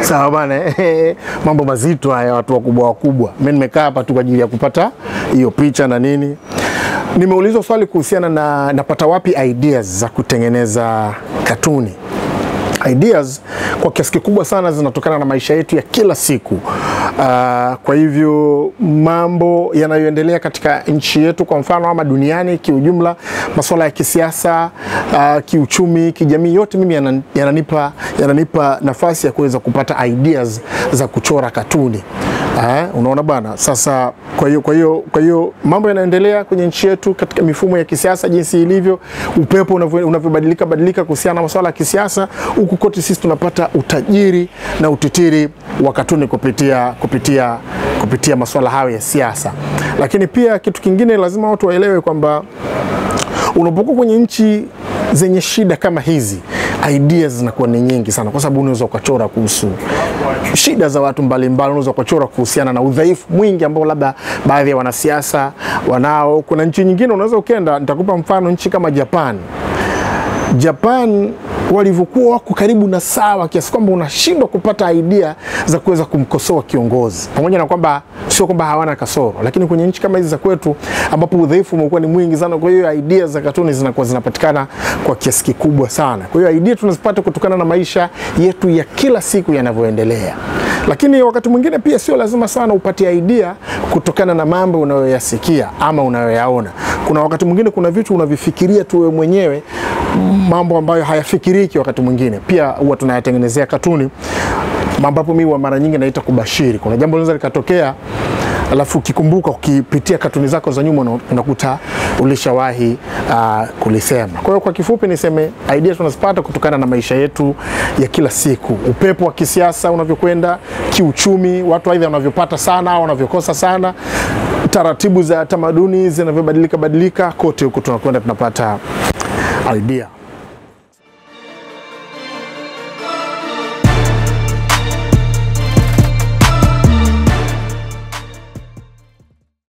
Sawa bana, mambo mazito haya, watu wakubwa wakubwa. Mimi nimekaa hapa tu kwa ajili ya kupata hiyo picha na nini. Nimeulizwa swali kuhusiana na napata wapi ideas za kutengeneza katuni ideas kwa kiasi kikubwa sana zinatokana na maisha yetu ya kila siku. Uh, kwa hivyo mambo yanayoendelea katika nchi yetu kwa mfano ama duniani kiujumla, masuala ya kisiasa, uh, kiuchumi, kijamii, yote mimi yananipa, yananipa nafasi ya kuweza kupata ideas za kuchora katuni. Eh, unaona bana Sasa kwa hiyo kwa hiyo kwa hiyo mambo yanaendelea kwenye nchi yetu katika mifumo ya kisiasa jinsi ilivyo, upepo unavyobadilika badilika kuhusiana na masuala ya kisiasa, huku kote sisi tunapata utajiri na utitiri wa katuni kupitia kupitia kupitia masuala hayo ya siasa. Lakini pia kitu kingine lazima watu waelewe kwamba unapokuwa kwenye nchi zenye shida kama hizi ideas zinakuwa ni nyingi sana, kwa sababu unaweza ukachora kuhusu shida za watu mbalimbali, unaweza ukachora kuhusiana na udhaifu mwingi ambao labda baadhi ya wanasiasa wanao. Kuna nchi nyingine unaweza ukenda, nitakupa mfano nchi kama Japan. Japan walivyokuwa wako karibu na sawa, kiasi kwamba unashindwa kupata idea za kuweza kumkosoa kiongozi, pamoja na kwamba sio kwamba hawana kasoro, lakini kwenye nchi kama hizi za kwetu ambapo udhaifu umekuwa ni mwingi sana, kwa hiyo idea za katuni zinakuwa zinapatikana kwa kiasi kikubwa sana. Kwa hiyo idea tunazipata kutokana na maisha yetu ya kila siku yanavyoendelea, lakini wakati mwingine pia sio lazima sana upate idea kutokana na mambo unayoyasikia ama unayoyaona. Kuna wakati mwingine kuna vitu unavifikiria tu wewe mwenyewe mambo ambayo hayafikiriki wakati mwingine, pia huwa tunayatengenezea katuni, ambapo mimi mara nyingi naita kubashiri. Kuna jambo linaweza likatokea alafu ukikumbuka ukipitia katuni zako za nyuma unakuta ulishawahi uh, kulisema. Kwa hiyo kwa kifupi niseme ideas tunazipata kutokana na maisha yetu ya kila siku, upepo wa kisiasa unavyokwenda, kiuchumi, watu aidha wanavyopata sana au wanavyokosa sana, taratibu za tamaduni zinavyobadilika badilika, kote huko tunakwenda tunapata idea.